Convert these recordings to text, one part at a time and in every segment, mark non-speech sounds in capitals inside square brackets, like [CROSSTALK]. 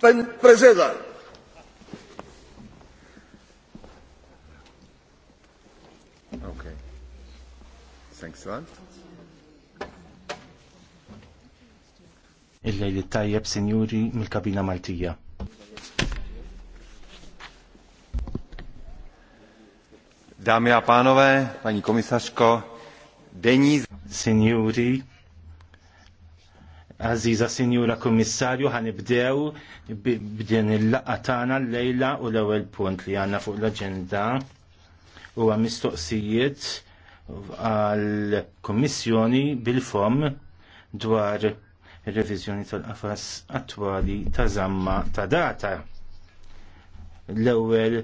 Pan prezydent. Okay. Thanks a lot. Il-lejli tajjeb, senjuri, mil kabina Maltija. Dámy a pánové, paní komisařko, denní... Senjuri, Aziza Sinjura Kummissarju ħanibdew b'din il-laqqa tagħna l-lejla u l-ewwel punt li għandna fuq l-aġenda huwa mistoqsijiet għal Kummissjoni bil-fom dwar ir-reviżjoni tal-qafas attwali ta' żamma ta' data. L-ewwel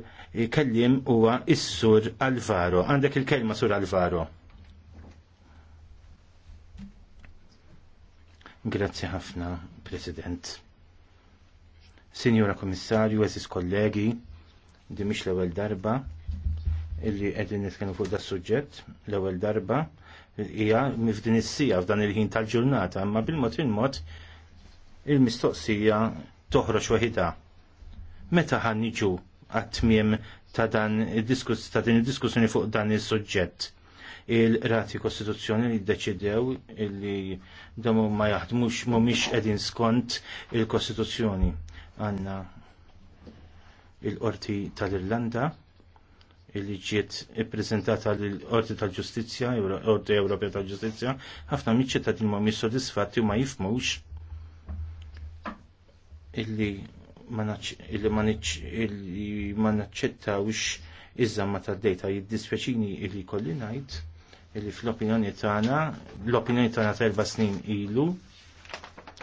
kellim huwa is-Sur Alvaro. Għandek il-kelma Sur Alvaro. Grazzi ħafna, President. Sinjora Komissarju, eżis kollegi, di mhix l-ewwel darba illi qegħdin nitkellmu fuq da suġġett l-ewwel darba hija f'din is-sija f'dan il-ħin tal-ġurnata, imma bil-mod il-mod il-mistoqsija toħroġ waħida. Meta ħan niġu għat-tmiem ta' dan id-diskussjoni fuq dan is-suġġett? il-rati kostituzzjoni li ddeċidew illi damu ma jaħdmux mhumiex edin skont il-kostituzzjoni. Għandna il-qorti tal-Irlanda illi ġiet ippreżentata l-Qorti tal-Ġustizzja, Orti Ewropea tal-Ġustizzja, ħafna ta' ċittadin ma sodisfatti u ma jifmux illi ma naċċettawx iż-żamma tad-dejta jiddispjaċini illi kolli ngħid illi fl-opinjoni tagħna, l-opinjoni tagħna ta' erba' snin ilu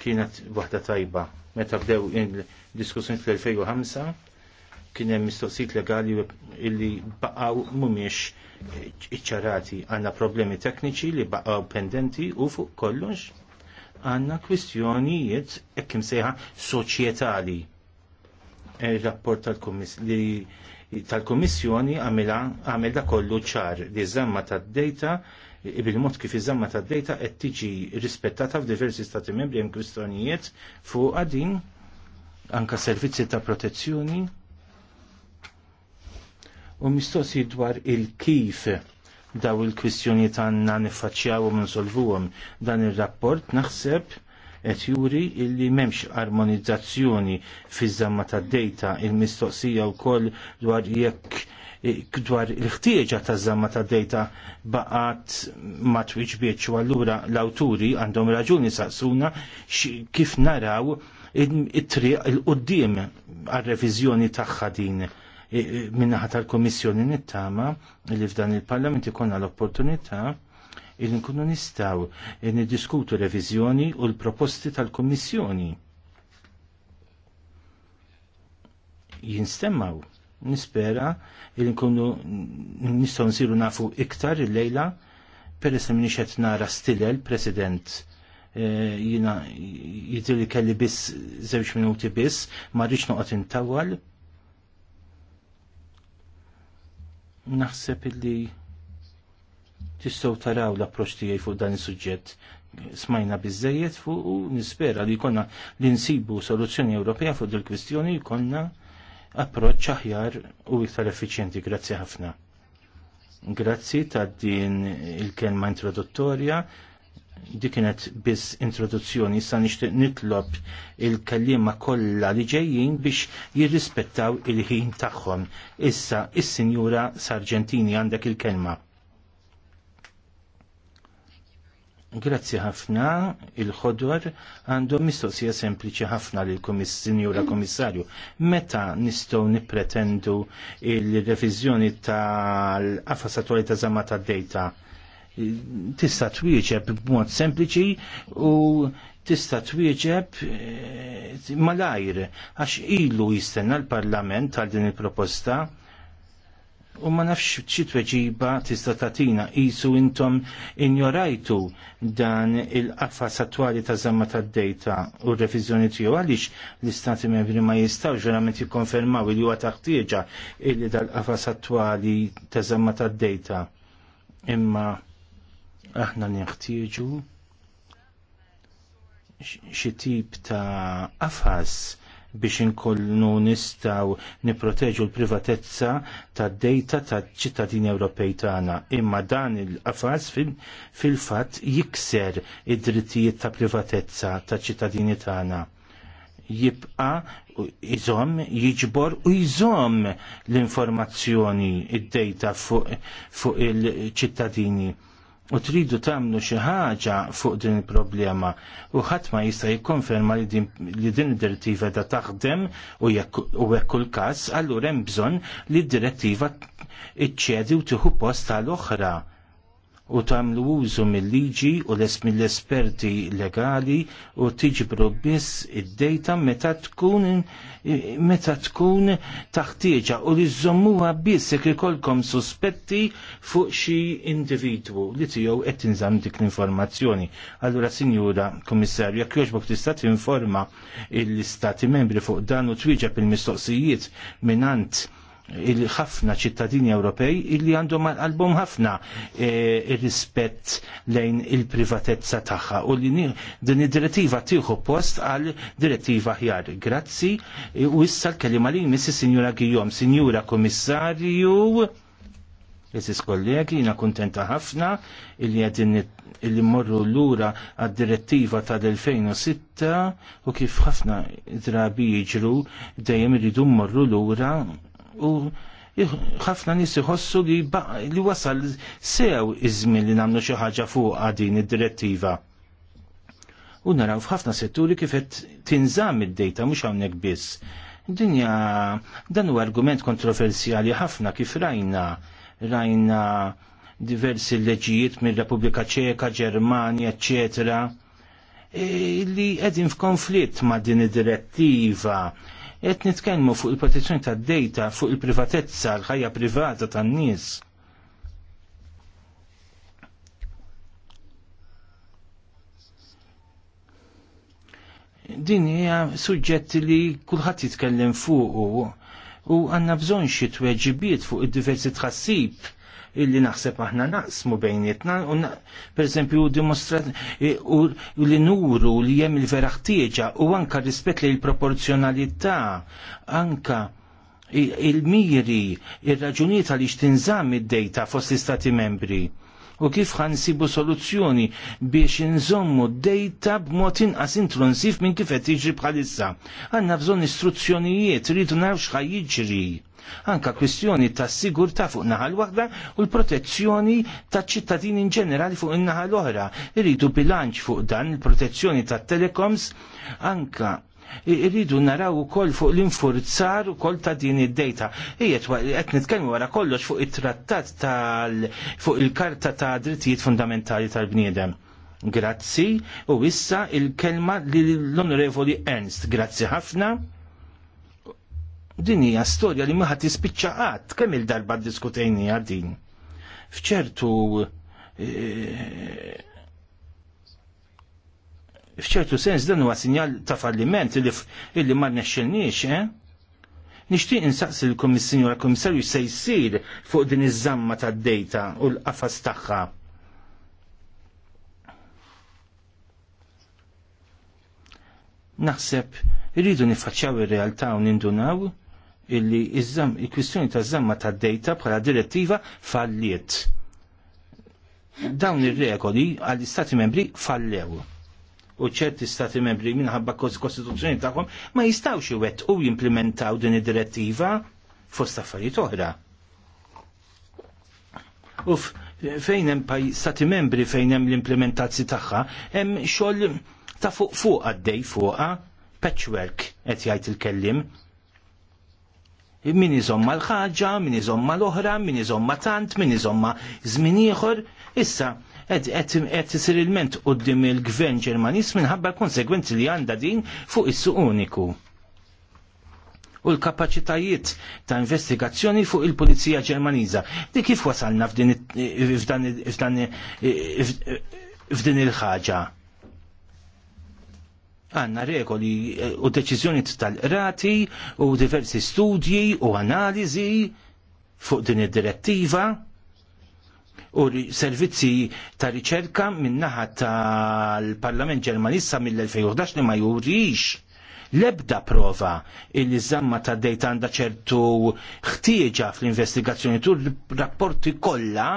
kienet waħda tajba. Meta bdew il-diskussjoni fl-2005 kien hemm mistoqsijiet legali illi baqgħu mhumiex iċċarati. Għandna problemi tekniċi li baqgħu pendenti u fuq kollox għandna kwistjonijiet hekk imsejħa soċjetali. ir e rapport tal-Kummissjoni li tal-Kummissjoni għamil da kollu ċar li żamma tad-data bil-mod kif iż-żamma tad-data qed tiġi rispettata f'diversi stati membri hemm kwistjonijiet fuq din anka servizzi ta' protezzjoni u mistoqsi dwar il-kif daw il-kwistjoni tagħna niffaċċjaw u nsolvuhom dan ir-rapport naħseb qed juri illi m'hemmx armonizzazzjoni fiż-żamma tad-dejta il-mistoqsija wkoll dwar jekk eh, dwar il-ħtieġa ta' żamma ta' dejta baqat ma twiġbiet allura l-awturi għandhom raġuni saqsuna kif naraw it-triq il-qoddim għal-reviżjoni tagħha din eh, eh, minnaħa tal-Komissjoni nittama li f'dan il-Parlament ikonna l-opportunità il nkunu nistaw niddiskutu reviżjoni u l-proposti tal-Kummissjoni. Jinstemmaw, nispera il nkunu nistgħu nsiru nafu iktar il-lejla peress li nixet qed nara stilel President eh, jina jidili kelli biss zewġ minuti biss, ma rridx noqgħod intawal. Naħseb illi tistgħu taraw l-approċċ tiegħi fuq dan is-suġġett smajna bizzejiet fuq u nispera li jkollna li nsibu soluzzjoni Ewropea fuq il kwistjoni jkollna approċċ aħjar u iktar effiċjenti. Grazzi ħafna. Grazzi ta' din il-kelma introduttorja. Dik kienet biss introduzzjoni sa nixtieq nitlob il-kellima kollha li ġejjin biex jirrispettaw il-ħin tagħhom. Issa is-Sinjura Sargentini għandek il-kelma. Grazzi ħafna, il ħodwar għandhom mistoqsija sempliċi ħafna lil sinjura komissarju. Meta nistgħu nippretendu il-reviżjoni tal-qafas attwali ta' żamma tad-dejta tista' twieġeb b'mod sempliċi u tista' twieġeb eh, malajr għax ilu jistenna l-Parlament għal din il-proposta u ma nafx ċitweġiba tista' tatina isu intom injorajtu dan il-qafas attwali ta' zamma ta' dejta u r-reviżjoni tiegħu għaliex l-istati membri ma jistgħu ġerament jikkonfermaw li huwa taħtieġa li dal-qafas attwali ta' zamma ta' dejta imma aħna neħtieġu xi ta' qafas biex inkollu nistaw niproteġu l-privatezza tad dejta taċ ċittadini Ewropej tagħna. Imma dan il-qafas fil-fatt jikser id-drittijiet ta' privatezza taċ ċittadini tagħna jibqa jizom, jiġbor u jizom l-informazzjoni, id-dejta fuq fu il-ċittadini u tridu tagħmlu xi ħaġa fuq din il-problema u ħadd ma jista' jikkonferma li din id-direttiva da taħdem u hekk kull każ allura hemm bżonn li d-direttiva iċċedi u tieħu post tal-oħra u tagħmlu użu mill-liġi u les mill-esperti legali u tiġbru biss id-dejta meta tkun meta tkun taħtieġa u li żommuha biss jekk ikolkom suspetti fuq xi individwu li tiegħu qed tinżamm dik l-informazzjoni. Allura Sinjura Kummissarju, jekk jogħġbok tista' tinforma l istati membri fuq dan u twieġeb il-mistoqsijiet mingħand il-ħafna ċittadini Ewropej illi għandhom għalbom ħafna e, ir-rispett lejn il-privatezza tagħha u li din id-direttiva tieħu post għal direttiva ħjar. Grazzi e, u issa l-kelima li missi Sinjura Gijom, Sinjura Komissarju. Eżis kollegi, jina kontenta ħafna illi għedin illi morru l-lura għad-direttiva tal-2006 u kif ħafna drabi jiġru dejjem irridu morru l-lura u ħafna nies iħossu li, li wasal sew iż-żmien li nagħmlu xi ħaġa fuq din id-direttiva. U naraw f'ħafna setturi kif qed tinżamm id-dejta mhux hawnhekk biss. Dinja dan huwa argument kontroversjali ħafna kif rajna rajna diversi leġijiet mir repubblika Ċeka, Ġermanja, eccetera, eh, li qegħdin f'konflitt ma' din id-direttiva qed nitkellmu fuq il-protezzjoni tad-dejta, fuq il-privatezza, l-ħajja privata tan-nies. Din hija suġġett li kulħadd jitkellem fuq u għandna bżonn xi tweġibiet fuq id-diversi tħassib illi naħseb aħna naqsmu bejnietna u pereżempju dimostrat e, u li nuru li hemm il-vera ħtieġa u anka rispett li l-proporzjonalità anka il-miri, il-raġunijiet għaliex tinżam id-dejta fost l-istati membri u kif sibu soluzzjoni biex nżommu dejta b'mod inqas intronsiv minn kif qed jiġri bħalissa. Għandna bżonn istruzzjonijiet, rridu naraw x'ħaj jiġri anka kwistjoni ta' sigurtà fuq naħa l-waħda u l-protezzjoni ta' ċittadini in ġenerali fuq in-naħa l-oħra. Irridu bilanċ fuq dan il-protezzjoni ta' telecoms anka irridu naraw ukoll fuq l-infurzar ukoll ta' din id-dejta. Ijet qed nitkellmu wara kollox fuq it-trattat tal fuq il-karta ta' drittijiet fundamentali tal-bniedem. Grazzi, u issa il-kelma l-Onorevoli Ernst. Grazzi ħafna. Din hija storja li maħat tispiċċa qatt kemm il-darba ddiskutejni din. Fċertu eh, fċertu sens dan huwa sinjal ta' falliment illi ma nexxilniex, eh? Nixtieq insaqsi l-Komissjoni l se jsir fuq din iż-żamma tad-dejta u l-qafas tagħha. Naħseb irridu nifaċċaw ir-realtà u nindunaw illi il-kwistjoni ta' zamma ta' data bħala direttiva falliet. Dawn ir-regoli għall-Istati membri fallew u ċerti stati membri minħabba kostituzzjoni tagħhom ma jistgħux iwettqu jimplementaw din id-direttiva fost affarijiet oħra. Uf, fejn hemm stati membri fejn hemm l-implementazzi tagħha, hemm xogħol ta' fuq fuq għaddej fuqha, patchwork qed jgħid il-kellim, min iżomma l-ħaġa, min iżomma l-oħra, min iżomma tant, min iżomma żmien ieħor, issa qed isir il-ment qudiem il-Gvern Ġermaniż minħabba l-konsegwenzi li għandha din fuq is-suq uniku u l kapaċitajiet ta' investigazzjoni fuq il-Pulizija Ġermaniża. Di kif wasalna f'din il-ħaġa? għanna regoli eh, u deċizjoni tal-rati u diversi studji u analizi fuq din id-direttiva u servizzi ta' riċerka minnaħa tal-Parlament Ġermanissa mill-2011 li ma jurix lebda prova il żamma ta' dejta għanda ċertu ħtieġa fl-investigazzjoni tur rapporti kollha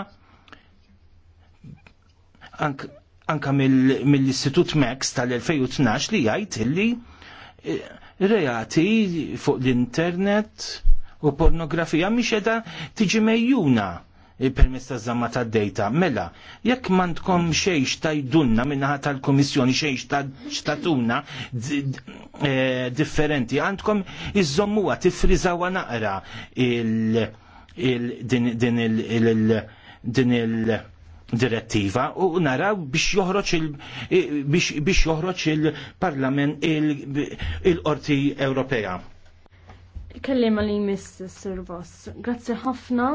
anka mill-Istitut Max tal-2012 li jgħid illi eh, reati fuq l-internet u pornografija mhix edha tiġi mejjuna eh, permess ta' zamma ta' dejta Mela, jekk mandkom xejx tajdunna minnaħat tal-komissjoni xejx tatuna eh, differenti, għandkom iżommuwa tifrizawa naqra il-din il-din il-din il- direttiva u naraw biex joħroġ biex joħroġ il-Parlament il-Qorti Ewropea. Kellim li miss Sir Grazzi ħafna.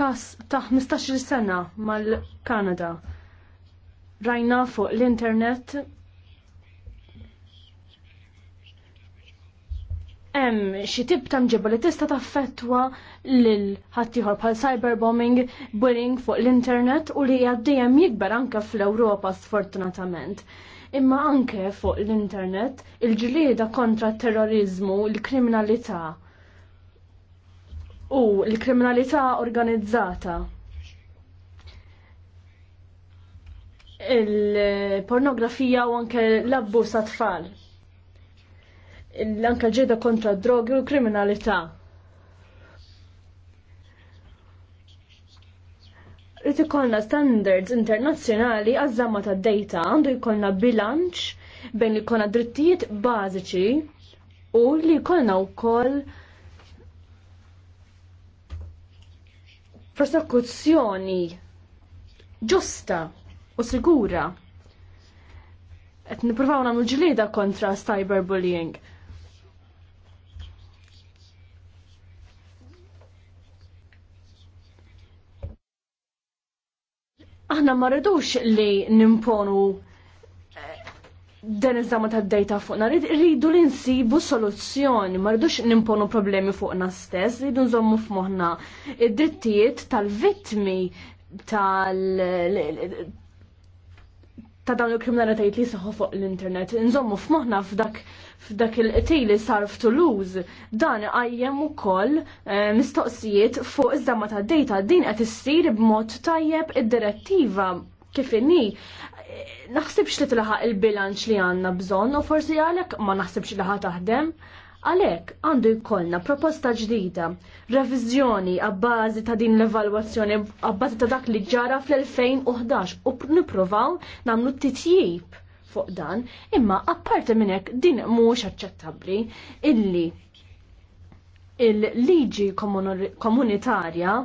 Kas ta' 15 sena mal-Kanada. Rajna fuq l-internet hemm xi tip ta' mġibba li tista' taffettwa lil ħaddieħor bħal cyberbombing, bullying fuq l-internet u li għaddejjem jikber anke fl-Ewropa sfortunatament. Imma anke fuq l-internet il-ġlieda kontra t terrorizmu, l-kriminalità u l-kriminalità organizzata. il-pornografija u anke l-abbuż tfal l-anka ġeda kontra drogi u l-kriminalità. Rrit ikollna standards internazzjonali għaż ta' data għandu jkollna bilanċ bejn li jkollna drittijiet bażiċi u li jkollna wkoll prosekuzzjoni ġusta u sigura. Qed nippruvaw nagħmlu ġlieda kontra cyberbullying aħna ma rridux li nimponu eh, dan iż-żama tad-dejta fuqna, rridu li nsibu soluzzjoni, ma rridux nimponu problemi fuqna stess, rridu nżommu f'moħħna id-drittijiet tal-vittmi tal ta' dawn il-kriminalitajiet li saħu fuq l-internet. Nżommu f'moħna f'dak f'dak il-qtil li sar f'Toulouse, dan għajjem ukoll eh, mistoqsijiet fuq iż-żamma ta' data din qed issir b'mod tajjeb id-direttiva kif inni. Eh, naħsibx li tlaħaq il-bilanċ li għandna bżonn u forsi għalhekk ma naħsibx li ħa taħdem Għalek, għandu jkollna proposta ġdida, revizjoni għabbażi ta' din l-evalwazzjoni għabbażi ta' dak li ġara fl-2011 u niprovaw namlu titjib fuq dan, imma apparti minn hekk din mhux aċċettabbli illi il-liġi komunitarja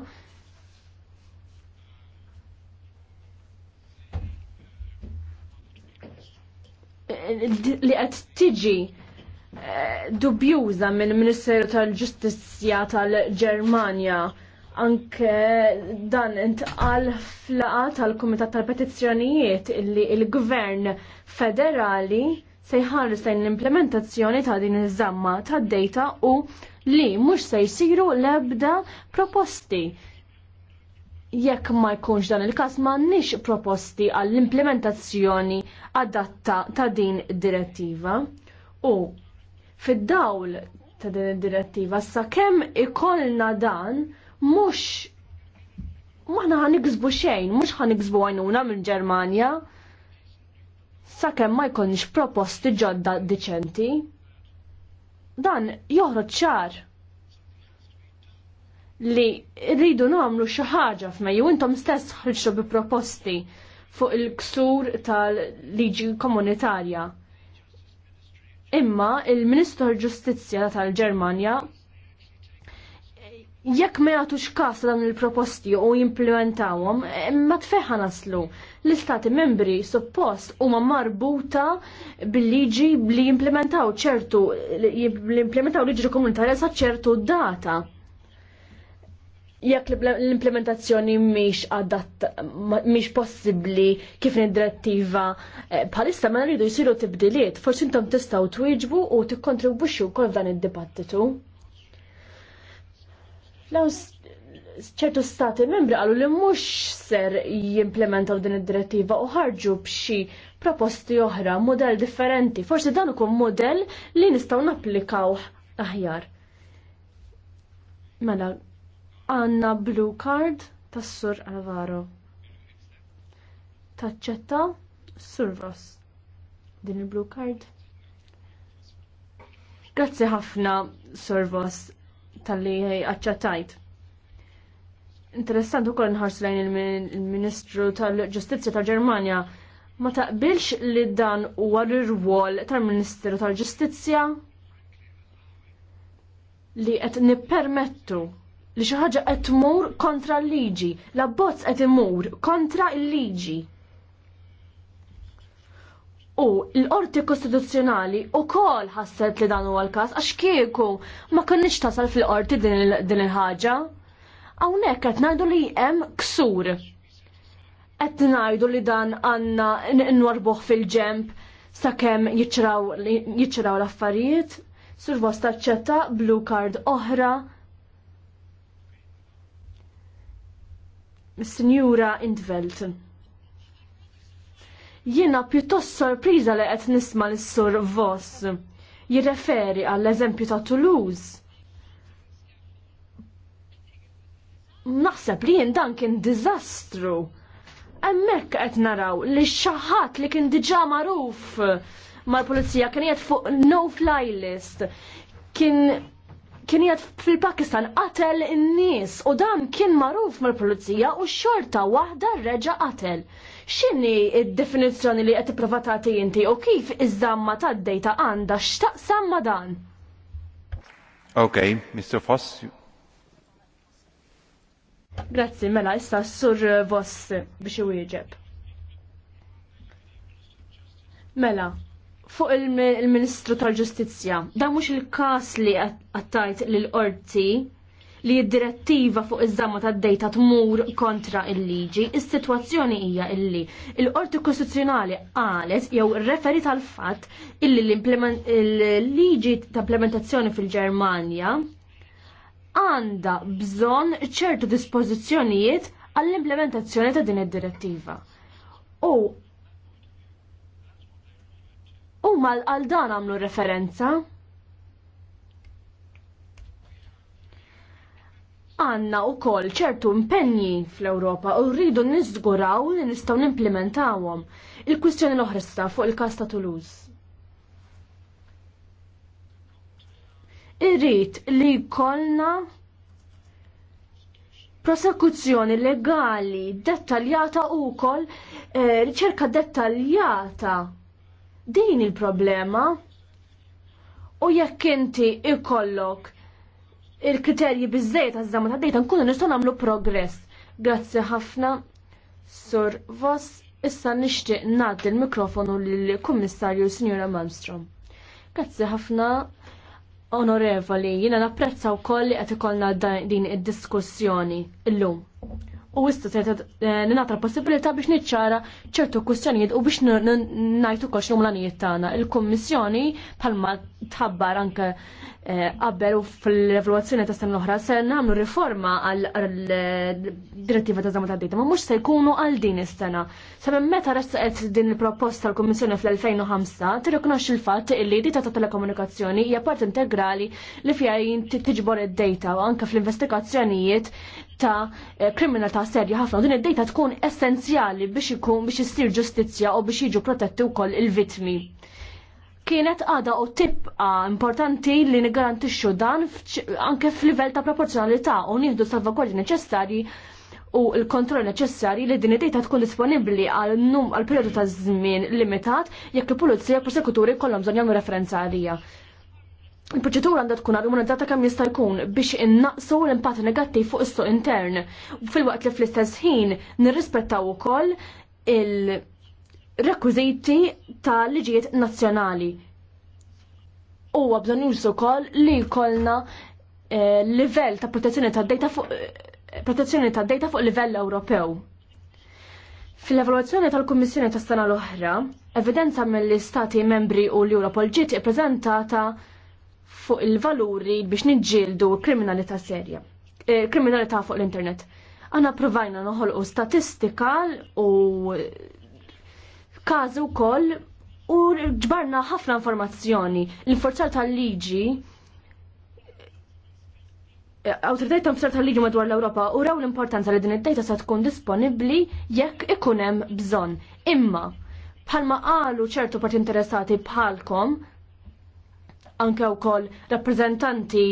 li qed tiġi dubjuża minn Ministeru tal-Ġustizzja tal-Ġermanja anke dan intqal flaqa tal-Kumitat tal-Petizzjonijiet illi il-Gvern Federali se jħarru sejn l-implementazzjoni ta' din iż-żamma tad-dejta u li mhux se jsiru l-ebda proposti jekk ma jkunx dan il-każ m'għandniex proposti għall-implementazzjoni adatta ta' din direttiva u fid-dawl ta' din id-direttiva sa' kemm ikollna dan mhux maħna iqzbu xejn, mhux iqzbu għajnuna mill-Ġermanja sakemm ma jkollniex proposti ġodda diċenti. Dan joħroġ ċar li rridu nagħmlu xi ħaġa f'mejju intom stess ħriġtu bi proposti fuq il-ksur tal-liġi komunitarja imma il-Ministru l ġustizzja tal-Ġermanja jekk ma jagħtux każ dawn il-proposti u jimplementawhom, ma tfeħħa naslu. L-istati membri suppost huma marbuta bil-liġi li jimplementaw ċertu li jimplementaw liġi komunitarja sa ċertu data jekk l-implementazzjoni mhix adatt mhix possibbli kif id-direttiva eh, bħalissa ma rridu jsiru tibdiliet, forsi intom tistgħu twiġbu u tikkontribwixxu wkoll dan id-dibattitu. Law ċertu stati membri qalu li mhux ser jimplementaw din id-direttiva u ħarġu b'xi proposti oħra, model differenti. Forsi dan ukoll model li nistgħu napplikaw aħjar. Mela, Għanna blue card tas Sur Alvaro. Taċċetta Sur Ross. Din il-blue card. Grazzi ħafna Sur Ross tal-li Interessant u ukoll nħarsu lejn il-Ministru tal-Ġustizzja tal-Ġermanja ma taqbilx li dan huwa r wall tal ministru tal-Ġustizzja li qed nippermettu li xi ħaġa qed tmur kontra l-liġi, l-abbozz qed imur kontra l-liġi. U l-qorti kostituzzjonali u kol ħasset li dan huwa l-każ għax kieku ma konniex tasal fil-qorti din il-ħaġa. Hawnhekk qed ngħidu li hemm ksur. Qed ngħidu li dan għandna nwarbuh fil-ġemp sakemm jiċċraw l-affarijiet. Sur vostra ċetta blue card oħra Signora Indvelt. Jiena pjuttost sorpriża li qed nisma' lis-sur Voss jirreferi għall-eżempju ta' Toulouse. Naħseb li jien dan kien diżastru. Hemmhekk qed naraw li x-xaħat li kien diġà magħruf mal-pulizija kien fuq no-fly list kien kien jgħat fil-Pakistan qatel in-nies u dan kien magħruf mal-pulizija u xorta waħda reġa qatel. X'inhi d definizzjoni li qed tipprova tagħti inti u kif iż-żamma tad-dejta għandha x'taqsam ma' dan? Okej, Mr. Foss. Grazzi, mela, issa s-sur Voss biex iwieġeb. Mela, fuq il-Ministru tal-Ġustizzja. Dan mhux il-każ li għattajt lill-qorti li d-direttiva fuq iż-żamma tad-dejta tmur kontra il-liġi, is-sitwazzjoni hija illi il-Qorti Kostituzzjonali qalet jew referi tal-fatt illi l-liġi ta' implementazzjoni fil-Ġermanja għandha bżonn ċertu dispożizzjonijiet għall-implementazzjoni ta' din id-direttiva. U U mal għal dan għamlu referenza. Għanna u koll ċertu impenji fl-Europa u rridu nizguraw li nistaw nimplementawhom. Il-kwistjoni l-oħrista fuq il kasta ta' Toulouse. Irrid li kollna prosekuzzjoni legali dettaljata u koll eh, riċerka dettaljata din il-problema u jekk inti ikollok il-kriterji bizzejt għaż ta' dejta nkunu nistgħu nagħmlu progress. Grazzi ħafna, Sur Vos, issa nixtieq nagħti l-mikrofonu lill-Kummissarju Sinjura Malmstrom. Grazzi ħafna, onorevoli, jiena napprezza wkoll li qed ikollna din id-diskussjoni illum u issa se eh, ninatra possibilità biex niċċara ċertu kwistjonijiet u biex najtu xnum l-umlanijiet tagħna. Il-Kummissjoni bħalma tħabbar anke eh, qabel u fl-evaluazzjoni ta' sena l-oħra se nagħmlu riforma għal direttiva ta' żamma tad-dejta, ma mhux se jkunu għal din is-sena. Sa meta ressaqet din il-proposta tal-Kummissjoni fl-2005 tirrikonoxxi l-fatt li dita ta' telekomunikazzjoni hija part integrali li fija tiġbor id-dejta u anke fl-investigazzjonijiet ta' eh, kriminal ta' serja ħafna. Din id-dejta tkun essenzjali biex ikun biex issir ġustizzja u biex jiġu protetti wkoll il-vitmi. Kienet għada u tibqa importanti li nigarantixxu dan anke f'livell ta' proporzjonalità u nieħdu salvagwardji neċessarji u l-kontroll neċessarji li din id-dejta tkun disponibbli għal num għal periodu ta' żmien limitat jekk il-pulizija prosekuturi kollhom bżonn jagħmlu referenza għalija. Il-proċedura għandha tkun armonizzata kemm jista' jkun biex innaqsu l-impatt negattiv fuq is-suq intern. Fil-waqt li fl-istess ħin nirrispettaw ukoll il-rekwiżiti ta' liġijiet nazzjonali. Huwa bżonn jużu wkoll li jkollna eh, livell ta' protezzjoni ta' data fuq eh, protezzjoni ta' data fuq livell Ewropew. Fil-evaluazzjoni tal-Kummissjoni tas-sena l-oħra, evidenza mill-Istati membri u l-Europol ġiet ippreżentata fuq il-valuri biex nġildu kriminalità serja, eh, kriminalità fuq l-internet. Għana provajna noħolqu statistika u kazu koll u ġbarna ħafna informazzjoni. L-forzar tal-liġi eh, Awtoritajt tam tal-liġi madwar l europa u raw l-importanza li din id-dejta sa tkun disponibbli jekk ikun hemm bżonn. Imma bħalma qalu ċertu parti interessati bħalkom anke wkoll rappreżentanti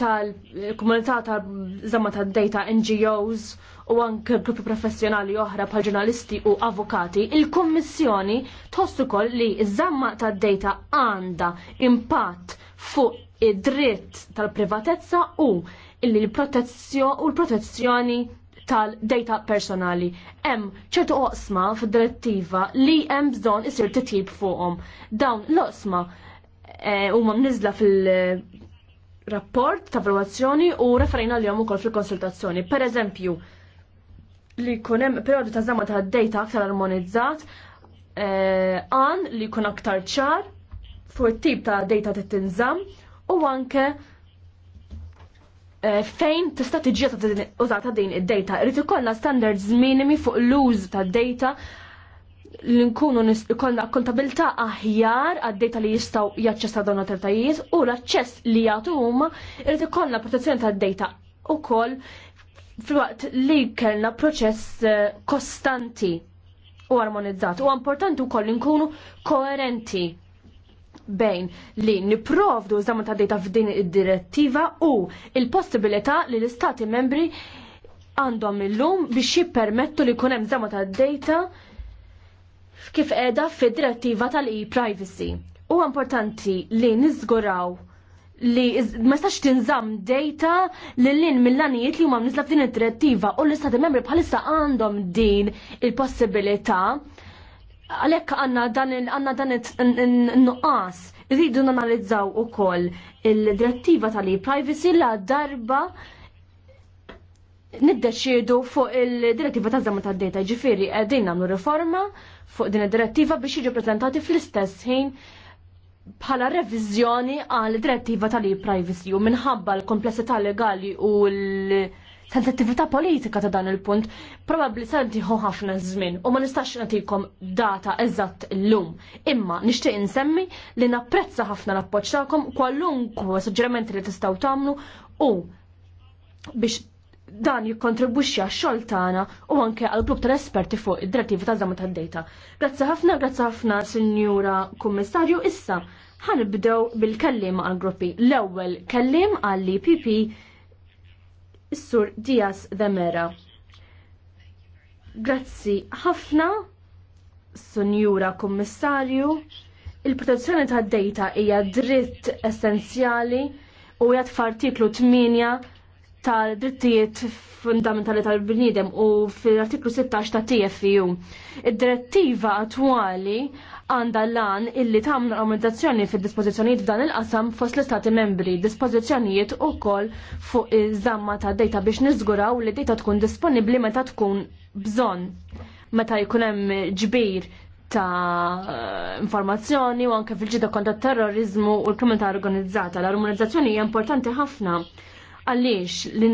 tal-komunità tal-żamma tad-data NGOs u anke gruppi professjonali oħra bħal ġurnalisti u avukati, il-Kummissjoni tħoss ukoll li ż-żamma tad-data għandha impatt fuq id-dritt tal-privatezza u l-protezzjoni tal-data personali. Hemm ċertu oqsma fid-direttiva li hemm bżonn isir titjib fuqhom. Dawn l-oqsma Eh, huma mniżla fil-rapport ta' valwazzjoni u referina li għamu ukoll fil-konsultazzjoni. Per eżempju, li jkun hemm perjodu ta' zama ta' data aktar armonizzat, eh, għan li jkun aktar ċar fuq it-tip ta' data ta' tinżam u anke eh, fejn tista' tiġi użata din id-data. Irid ikollna standards minimi fuq l-uż tad-data li nkunu ikollna kontabilta aħjar għad li jistaw ta' dawn l pajis u l-aċċess li jagħtu huma irid ikollna protezzjoni tad-data ukoll fil-waqt li kellna proċess eh, kostanti u armonizzat. U importanti wkoll li nkunu koerenti bejn li niprovdu żamma ta' data f'din id-direttiva u il-possibilità li l-istati membri għandhom illum biex jippermettu li kunem żamma ta' data kif qiegħda fid-direttiva tal-e-privacy. Huwa importanti li niżguraw li ma stax tinżamm data li lin mill lanijiet li huma nisla f'din id-direttiva u l-istati membri bħalissa għandhom din il-possibilità għalhekk għandna dan għandna dan nuqqas irridu nanalizzaw ukoll il-direttiva tal-privacy e la darba niddeċiedu fuq il-direttiva ta' Zamma ta' data, ġifiri għedin namlu reforma fuq din id-direttiva biex jiġu prezentati fl-istess ħin bħala revizjoni għal direttiva tal-privacy u minħabba l-komplessità legali u l-sensittività politika ta' dan il-punt probabli se ntiħu ħafna żmien u ma nistax nagħtikom data eżatt l-lum. Imma nixtieq insemmi li napprezza ħafna l-appoġġ tagħkom kwalunkwe suġġerimenti li tistgħu tagħmlu u biex dan jikkontribwixxi għax-xogħol tagħna u anke għal grupp tal-esperti fuq id drettivi ta' żamma tad-dejta. Grazzi ħafna, grazzi ħafna Sinjura Kummissarju issa ħanibdew bil-kellim għal gruppi. L-ewwel kellim għall IPP is-Sur Dias Demera. Grazzi ħafna Sinjura Kummissarju. Il-protezzjoni tad-dejta hija dritt essenzjali u jgħat f'artiklu 8 tal-drittijiet fundamentali tal-bnidem u fil-artiklu 16 ta' TFU. Id-direttiva attwali għandha lan illi tagħmel organizzazzjoni fid-dispożizzjonijiet f'dan il-qasam fost l-Istati membri, dispożizzjonijiet ukoll fuq iż-żamma ta' data biex niżguraw li data tkun disponibbli meta tkun bżonn meta jkun hemm ġbir ta' informazzjoni u anke fil-ġida kontra terrorizmu u l-kriminalità organizzata. l organizzazzjoni hija importanti ħafna għaliex l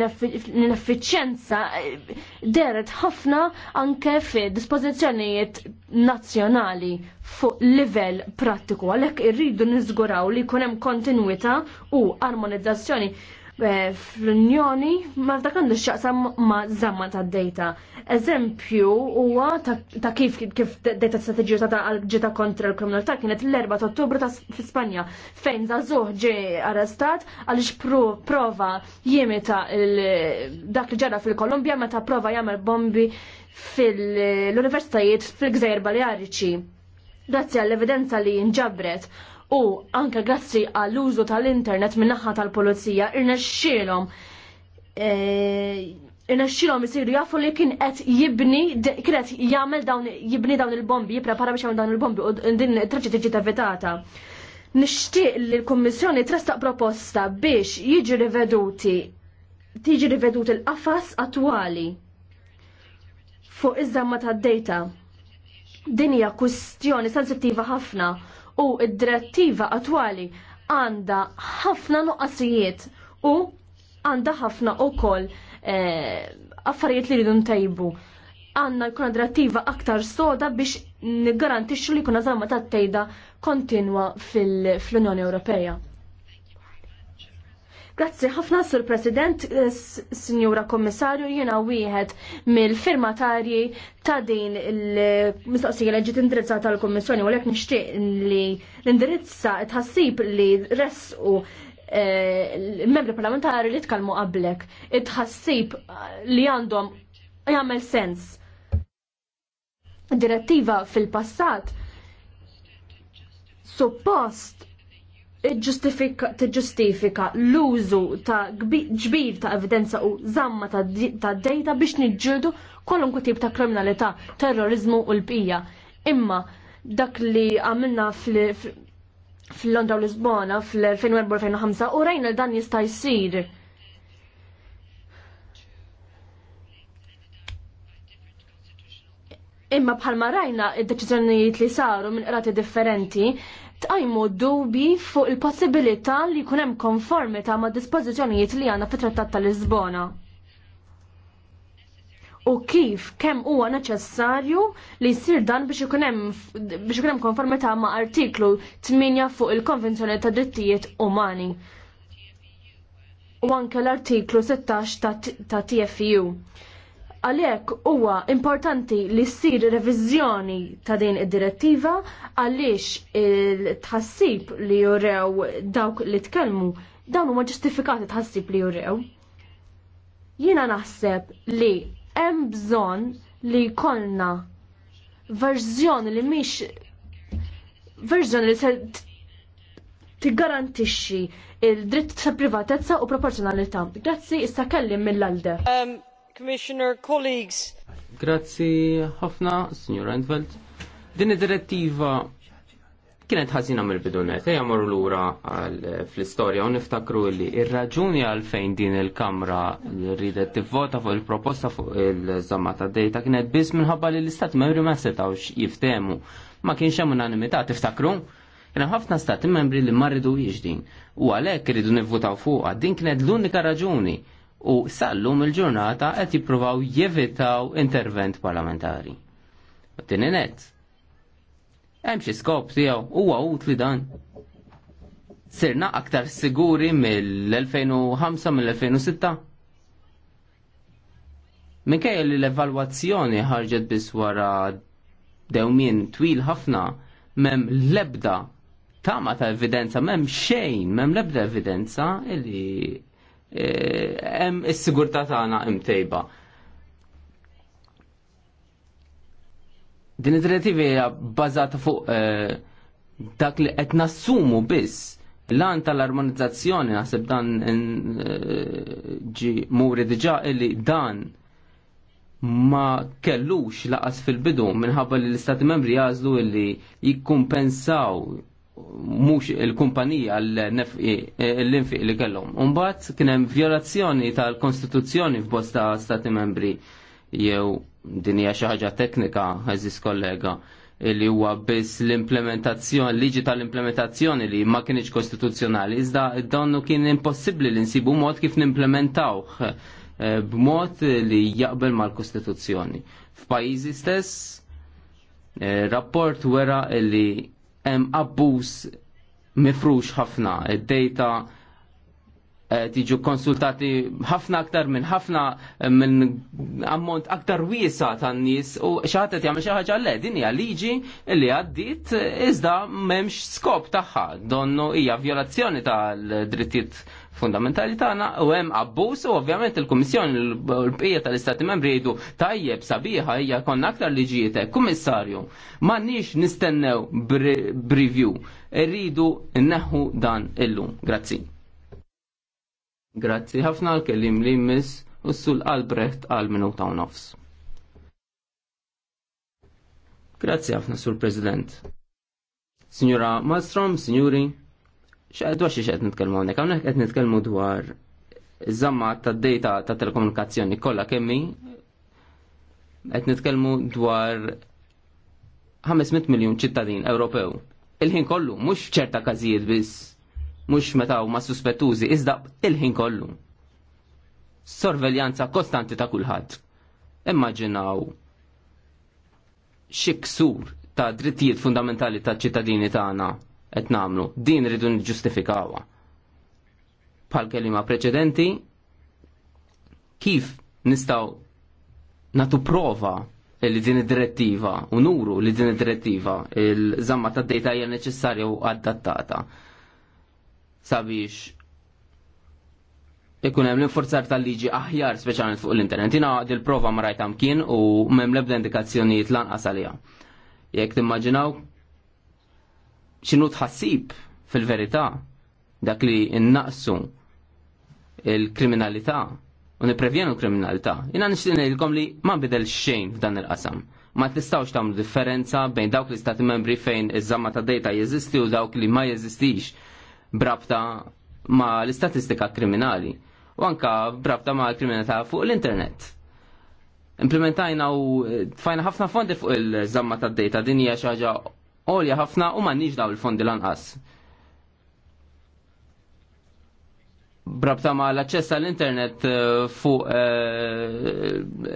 inefficienza eh, deret ħafna anke fi dispożizzjonijiet nazzjonali fuq livell prattiku għalhekk irridu niżguraw li jkun hemm kontinwità u armonizzazzjoni Eh, fl-Unjoni ma dak għandu x'jaqsam ma' żamma tad-data. Eżempju huwa ta' kif kif data strateġija ta' ġita kontra l-kriminalità kienet l-4 ottobru Ottubru ta' Spanja, fejn fejn zuħ ġie arrestat għaliex prova jimita dak li ġara fil-Kolumbja meta prova jagħmel bombi fil-universitajiet fil-Gżejjer Baljariċi. Grazzi għall-evidenza li nġabret u anke grazzi għall-użu tal-internet min-naħa tal-polizija irnexxielhom e, irnexxielhom isiru jafu li kien qed jibni kien qed jagħmel dawn jibni dawn il-bombi, jipprepara biex jagħmel dawn il-bombi u din traċi tiġi evitata. Nixtieq li l-Kummissjoni trestaq proposta biex jiġi riveduti tiġi riveduti l qafas attwali fuq iż-żamma tad-data. Din hija kwistjoni sensittiva ħafna u id-direttiva attwali għandha ħafna nuqqasijiet u għandha ħafna koll eh, affarijiet li rridu ntajbu. Għanna jkun direttiva aktar soda biex niggarantixxu li jkun għażamma tat-tejda kontinwa fil-Unjoni Ewropea. Grazzi ħafna sur President, Sinjura Kommissarju, jiena wieħed mill-firmatarji ta' din il-mistoqsija li ġiet indirizzata tal-Kommissjoni u lek nixtieq li l-indirizza tħassib li resqu il-membri e, parlamentari li tkallmu qablek, it li għandhom jagħmel sens. Direttiva fil-passat suppost tiġġustifika l-użu ta' ġbir ta' evidenza u zamma ta' data biex niġġudu kwalunkwe tip ta' kriminalità, terrorizmu u l-bqija. Imma dak li għamilna fil-Londra u Lisbona fil-2004-2005 u rejna dan jista' jsir. Imma bħalma rajna id-deċiżjonijiet li saru minn qrati differenti, tqajmu dubi fuq il-possibilità li jkun hemm konformità ma' dispożizzjonijiet li għandna fit-Trattat tal-Lisbona. U kif kemm huwa neċessarju li jsir dan biex ikun hemm biex ikun hemm konformità ma' artiklu 8 fuq il-Konvenzjoni ta' Drittijiet Umani u anke l-artiklu 16 ta' TFU. Għalhekk huwa importanti li ssir reviżjoni ta' din id-direttiva għaliex il-tħassib li jurew dawk li tkellmu dawn huma ġustifikati tħassib li jurew. Jiena naħseb li hemm bżonn li jkollna verżjoni li mhix verżjoni li se tiggarantixxi il-dritt ta' privatezza u proporzjonalità. Grazzi issa kellim mill-alde. Um, Commissioner, colleagues. Grazzi ħafna, Signor Reinfeldt. Din id-direttiva kienet ħażina mill-bidunet, eja l lura fl-istorja u niftakru li ir-raġuni għalfejn din il-Kamra ridet tivvota fuq il-proposta fuq il-żammata dejta kienet biss minħabba li l-Istat membri ma setawx jiftemu. Ma kienx hemm unanimità tiftakru? Kienem ħafna stati membri li marridu jiġdin u għalhekk iridu nivvotaw fuqha din kienet l-unika raġuni u sallum il-ġurnata qed jippruvaw jevitaw intervent parlamentari. U tini net. Hemm xi skop tiegħu huwa utli dan. Sirna aktar siguri mill-2005 mill-2006. Minkejja li l-evalwazzjoni ħarġet biss wara dewmien twil ħafna mem lebda tama ta' evidenza, mem xejn, mem lebda evidenza illi Eh, hemm is-sigurtà tagħna imtejba. Din id direttiva hija bbażata fuq eh, dak li qed nassumu biss l-an tal-armonizzazzjoni naħseb dan eh, ġi muri diġa li dan ma kellux laqas fil-bidu minħabba li l-istati membri jażlu li jikkumpensaw mux il-kumpanija eh, l-infiq li kellhom. Umbat kien hemm violazzjoni tal-Kostituzzjoni f'bosta stati membri jew din hija xi ħaġa teknika eżis kollega li huwa biss l-implementazzjoni, liġi tal-implementazzjoni li ma kienx kostituzzjonali, iżda donnu kien impossibbli li nsibu mod kif nimplementawh eh, b'mod li jaqbel mal-Kostituzzjoni. F'pajjiżi stess, eh, rapport wera li abbus mifrux ħafna, id-data eh, tiġu konsultati ħafna aktar minn ħafna eh, minn ammont aktar wiesa tan nies u xaħatet jagħmel xi ħaġa le din hija liġi li għaddit iżda m'hemmx skop tagħha donnu hija violazzjoni tal-drittijiet fundamentali tagħna u hemm abbuż u ovvjament il-Kummissjoni l-bqija tal-Istati Membri jgħidu tajjeb sabiħa hija konna aktar liġijiet hekk. Kummissarju, m'għandniex nistennew breview. Irridu nneħħu dan illum. Grazzi. Grazzi ħafna l-kellim li miss u sul Albrecht għal minuta u nofs. Grazzi ħafna sur President. Signora Malstrom, signori, Dwar xiex qed nitkellmu hawnhekk, hawnhekk qed nitkellmu dwar iż-żamma tad-dejta ta' telekomunikazzjoni kollha kemmi qed nitkellmu dwar 500 miljun ċittadin Ewropew. Il-ħin kollu mhux f'ċerta każijiet biss, mhux meta huma suspettużi, iżda il-ħin kollu. Sorveljanza kostanti ta' kulħadd. Immaġinaw xi ksur ta' drittijiet fundamentali ta' ċittadini tagħna qed nagħmlu. Din rridu niġġustifikawha. Pal kelima preċedenti, kif nistaw natu prova li din id-direttiva, unuru li din id-direttiva, il-żamma ta' data hija neċessarja u adattata sabiex ikun hemm l-inforzar tal-liġi aħjar speċjalment fuq l-internet. Jina dil prova ma rajtam kien u m'hemm l-ebda indikazzjonijiet lanqas għalija. Jekk timmaġinaw xinu tħassib fil-verità dak li innaqsu il-kriminalità u niprevjenu l-kriminalità. Jina nixtin il-kom li ma bidel xejn f'dan il-qasam. Ma tistawx tamlu differenza bejn dawk li stati membri fejn iż-żamma ta' data jeżisti u dawk li ma jeżistix brabta ma l-istatistika kriminali u anka brabta ma l-kriminalità fuq l-internet. Implementajna u tfajna ħafna fondi fuq il-żamma ta' data din hija xi ħaġa għolja ħafna u m'għandniex daw il-fondi lanqas. Brabta ma l-aċċess għall-internet eh, fuq eh,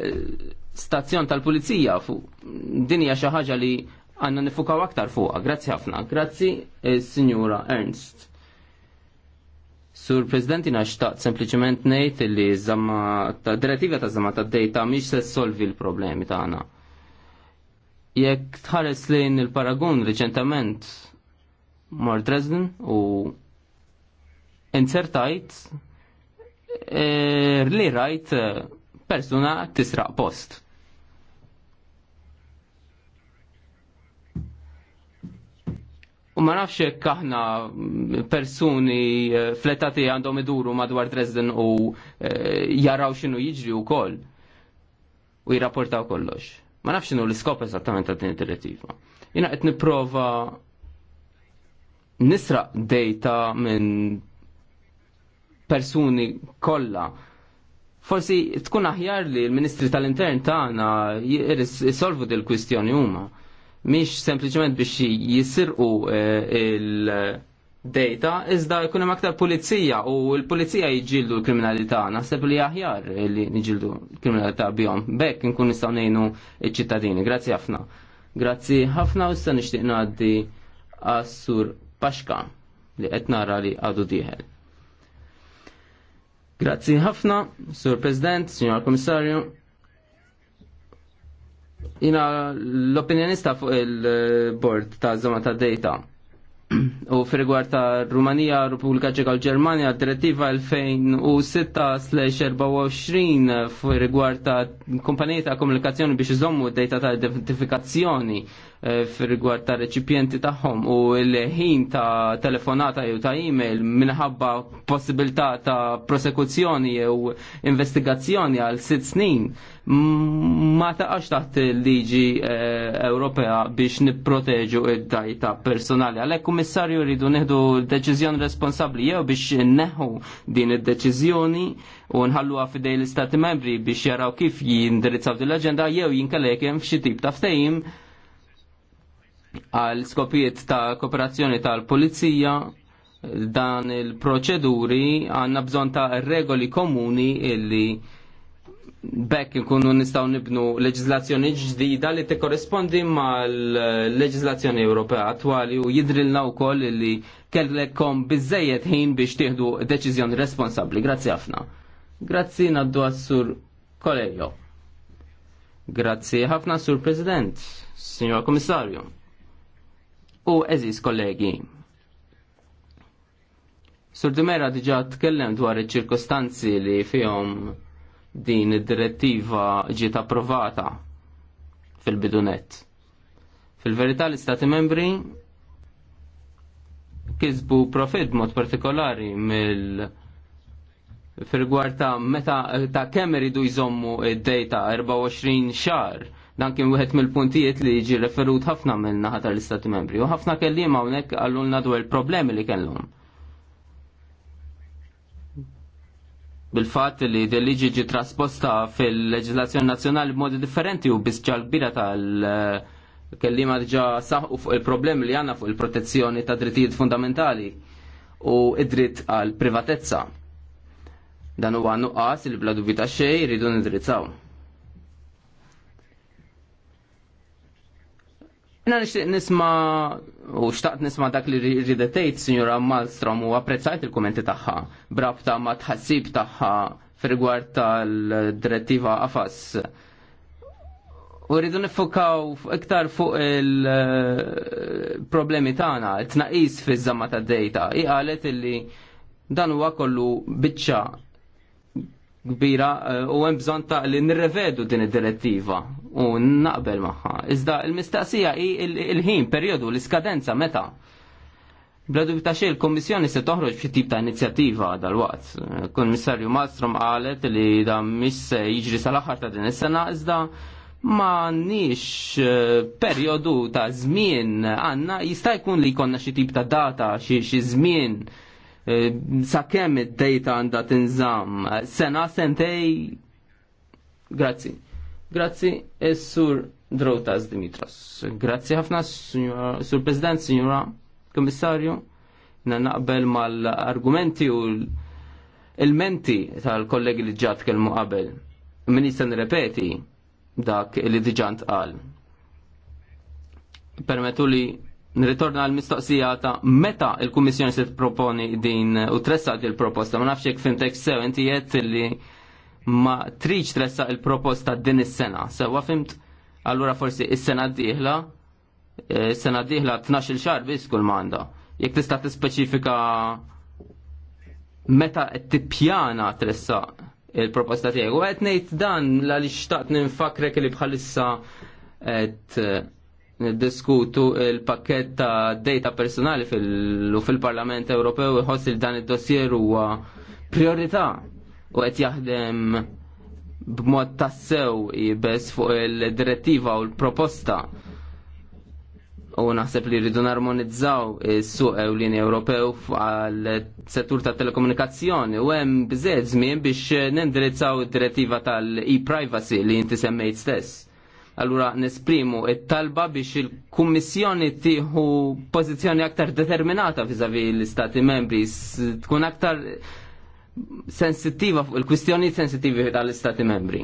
eh, stazzjon tal-pulizija fuq dinja xi ħaġa li għanna nifukaw aktar fuqha. Grazzi ħafna. Grazzi signora Ernst. Sur President jina xtaqt sempliciment nejt li zamma ta' direttiva ta' zamma ta' dejta miex se solvi l-problemi ta' għana. Jekk tħares lejn il-Paragon reċentament mar Dresden u insertajt e, li rajt e, persuna tisraq post. U ma nafx jekk aħna persuni e, flettati għandhom iduru madwar Dresden u jaraw x'inhu jiġri wkoll u jirrapportaw kollox. Ma nafx inhu l-iskop eżattament ta' din id-direttiva. Jiena qed nipprova nisra data minn persuni kollha forsi tkun aħjar li l-Ministri tal-Intern tagħna jisolvu dil kwistjoni huma. Mhix sempliċement biex jisirqu eh, il- data iżda jkun hemm aktar pulizija u l-pulizija jġildu l-kriminalità. Naħseb li aħjar li jġildu l-kriminalità bihom. Bekk nkun nistgħu ngħinu ċ-ċittadini. Grazzi ħafna. Grazzi ħafna u issa nixtieq ngħaddi għas-sur Paxka li qed nara li għadu dieħel. Grazzi ħafna, Sur President, Signor Komissarju. Jina l-opinjonista fuq il bord ta' zona ta' data u fil-rigward ta' Rumanija, Repubblika Ċeka u Ġermanja, direttiva 2006-24 fil-rigward ta' kumpaniji ta' komunikazzjoni biex iżommu d-data ta' identifikazzjoni Eh, fil-rigward ta' reċipjenti tagħhom u l-ħin ta' telefonata jew ta' email minħabba possibilità ta' prosekuzzjoni jew investigazzjoni għal sitt snin ma taqax taħt il-liġi eh, Ewropea biex nipproteġu id-dajta personali. Għalhekk kummissarju rridu neħdu deċiżjoni responsabbli jew biex neħu din id-deċiżjoni u nħalluha fidej l-Istati membri biex jaraw kif jindirizzaw din l-aġenda jew jinkalek hemm f'xi tip ta' ftehim għal skopijiet ta' kooperazzjoni tal-Pulizija dan il-proċeduri għanna bżon ta' regoli komuni illi bekk nkunu nistaw nibnu leġizlazzjoni ġdida li ma mal-leġizlazzjoni Ewropea attwali u jidrilna wkoll li kellekom biżejjed ħin biex tieħdu deċiżjoni responsabbli. Grazzi ħafna. Grazzi naddu għassur sur Kolejo. Grazzi ħafna sur President, Signor Komissarju. U eżis kollegi, Sur Dumera diġa tkellem dwar il ċirkostanzi li fihom din id-direttiva ġiet approvata fil-bidunet. Fil-verità l-Istati membri kisbu profit mod partikolari mill fil-gwar ta' meta ta' kemm iridu jżommu id-data 24 xar Dan kien wieħed mill-puntijiet li ġi referut ħafna minn naħa tal-Istati Membri u ħafna kelliem hawnhekk għallulna dwar il-problemi li kellhom. Bil-fatt li din liġi ġi trasposta fil-leġislazzjoni nazzjonali b'modi differenti u biss ġal-kbira tal- eh, kellima diġa saħu fuq il-problemi li għanna fuq il-protezzjoni ta' drittijiet fundamentali u id-dritt għal privatezza. Dan huwa nuqqas il-bla dubita xej iridu nidrizzaw. Ina nixtieq nisma u xtaqt nisma dak li ridetejt Sinjura Malstrom u apprezzajt il-kommenti tagħha brabta ma tħassib tagħha fir-rigward tal-direttiva AFAS. U rridu nifukaw iktar fuq il-problemi tagħna, t tnaqis fiż zamma tad-dejta. i qalet illi dan huwa kollu biċċa kbira eh, u hemm bżonn ta' li nirrevedu din id-direttiva u naqbel magħha. Iżda l-mistaqsija hi il-ħin, perjodu, l-iskadenza meta. Bladu ta' xejn il-Kommissjoni se toħroġ fi tip ta' inizjattiva dal-waqt. Kummissarju Malmström qalet li da miss se jiġri sal-aħħar ta' din is-sena iżda ma nix eh, perjodu ta' żmien għandna jista' jkun li jkollna xi tip ta' data, xi żmien Eh, sa' kemm id-data għandha tinżamm eh, sena sentej. Grazzi. Grazzi is-sur eh, Drotas Dimitros. Grazzi ħafna sur President, Signora Kommissarju. Na naqbel mal-argumenti u il-menti tal-kollegi li ġat kelmu qabel. Min jista' nirrepeti dak li diġant qal. Permetu li Nritorna għal mistoqsija ta' meta il-Kummissjoni se proponi din u tressa il-proposta. Ma nafx jekk fintek sew inti jett li ma triċ tressa il-proposta din is-sena. Sew fimt allura forsi is-sena d-dieħla eh, is-sena d 12 il-xar biss kull m'għandha. Jekk tista' tispeċifika meta qed tippjana tressa il-proposta tiegħek. U qed ngħid dan l għaliex xtaqt ninfakrek li bħalissa qed eh, niddiskutu il-pakket ta' data personali fil- parlament fil-Parlament Ewropew iħoss il dan id-dossier huwa priorità u qed jaħdem b'mod tassew jibes fuq il-direttiva u l-proposta u naħseb li rridu narmonizzaw is-suq ewlieni Ewropew għal settur ta' telekomunikazzjoni u hemm bżejjed żmien biex nindirizzaw id-direttiva tal-e-privacy li inti semmejt stess Allura nesprimu it-talba biex il-Kummissjoni tieħu pożizzjoni aktar determinata viżavi l-Istati membri, tkun aktar sensittiva fuq il-kwistjoni sensittivi tal-Istati membri.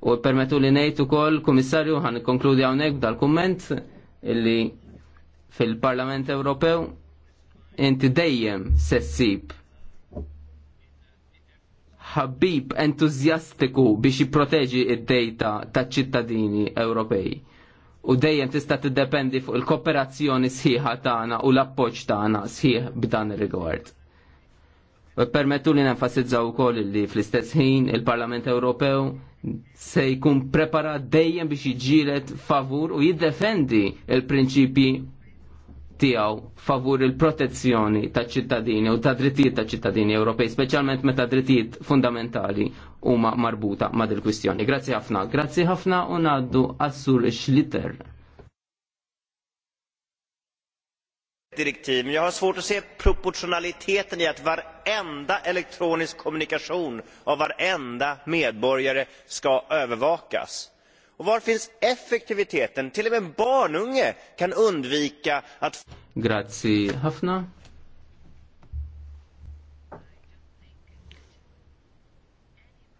U permetu li ngħid ukoll kummissarju ħan ikkonkludi konkludi għawnek dal illi fil-Parlament Ewropew inti dejjem sessib ħabib entuzjastiku biex jipproteġi id-dejta taċ ċittadini Ewropej. U dejjem tista' tiddependi fuq il-kooperazzjoni sħiħa tagħna u l-appoġġ tagħna sħiħ b'dan ir-rigward. E permettu li nenfasizzaw ukoll li fl-istess ħin il-Parlament Ewropew se jkun preparat dejjem biex jiġġieled favur u jiddefendi il-prinċipji tiegħu favur il-protezzjoni ta' ċittadini u ta' drittijiet ta' ċittadini Ewropej, speċjalment meta drittijiet fundamentali huma marbuta ma' dil kwistjoni Grazzi ħafna, grazzi ħafna u ngħaddu għassur xliter. direktiv, men jag har svårt att se proportionaliteten i att varenda elektronisk kommunikation av varenda medborgare ska övervakas Och var finns effektiviteten? Till och med en barnunge kan undvika att... Grazie, Hafna.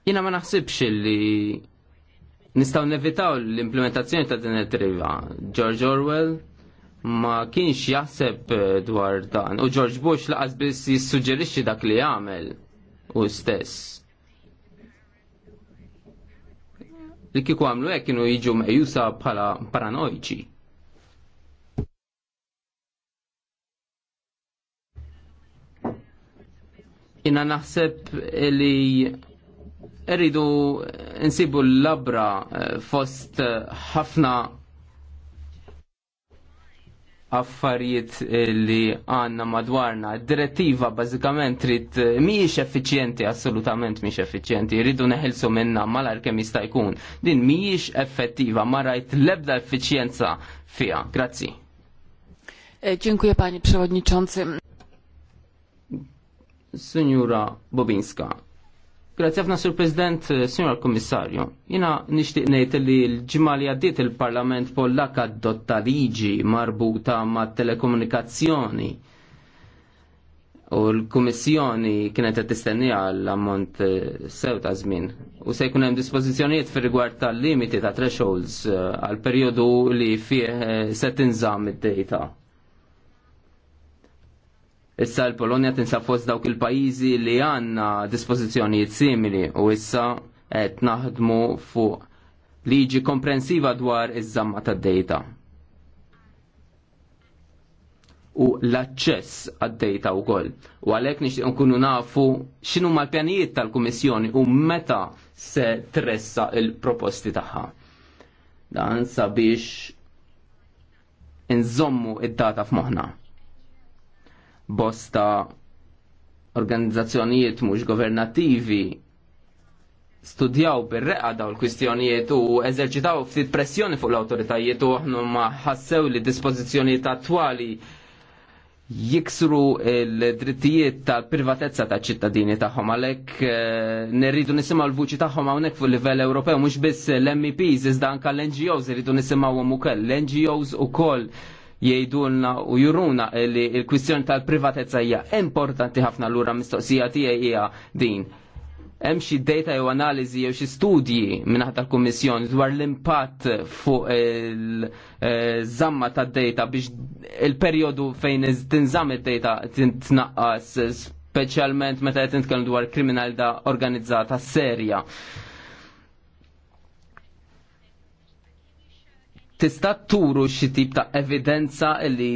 Jina ma naħsibx li nistaw nevitaw l-implementazzjoni ta' din it-triva. George Orwell ma kienx jaħseb dwar dan u George Bush laqas biss jissuġġerixxi dak li jagħmel u stess. li kiku għamlu hekk kienu jiġu meqjusa bħala paranoiċi. Jina naħseb li rridu nsibu l-labra eh, fost eh, ħafna affarijiet eh, li għanna madwarna. Direttiva bazzikament trid eh, miex effiċjenti, assolutament miex effiċjenti, rridu neħilsu minna malar kemm jista' jkun. Din miex effettiva, ma rajt lebda effiċjenza fija. Grazzi. Eh, dziękuję Panie Przewodniczący. Signora Bobinska, Grazie għafna sur President, eh, Signor Kommissarju. Jina nishtiq nejt li l-ġimma li għaddit il-Parlament Pollak adotta liġi marbuta ma' telekomunikazzjoni. U l-Kummissjoni kienet qed tistennija għall ammont eh, sew ta' żmien. U se jkun hemm dispożizzjonijiet fir rigward tal-limiti ta' thresholds eh, għal perjodu li fih se tinżamm id-data. Issa l-Polonja tinsab fost dawk il-pajizi li għanna dispozizjonijiet simili u issa qed naħdmu fuq liġi komprensiva dwar iż-żamma tad-dejta. U l-aċċess għad-dejta wkoll. U għalhekk nixtieq nkunu nafu x'inhu mal-pjanijiet tal-Kummissjoni u meta se tressa il-proposti tagħha. Dan sabiex nżommu id-data f'moħħna bosta organizzazzjonijiet mhux governattivi studjaw bir-reqa daw l-kwistjonijiet u eżerċitaw ftit pressjoni fuq l-awtoritajiet u aħna ma ħassew li dispożizzjonijiet attwali jiksru l-drittijiet tal-privatezza ta' ċittadini tagħhom għalhekk eh, nirridu nisimgħu l-vuċi tagħhom hawnhekk fuq livell Ewropew mhux biss l-MEPs iżda anke l-NGOs irridu nisimgħuhom ukoll. L-NGOs ukoll jgħidulna u juruna li l-kwistjoni tal-privatezza hija importanti ħafna lura mistoqsija tiegħi hija din. Hemm xi data jew analiżi jew xi studji mingħata tal-Kummissjoni dwar l-impatt fuq il-żamma tad-data biex il-perjodu fejn tinżamm id-data tintnaqqas speċjalment meta qed dwar kriminalità organizzata serja. tista' turu xi tip ta' evidenza li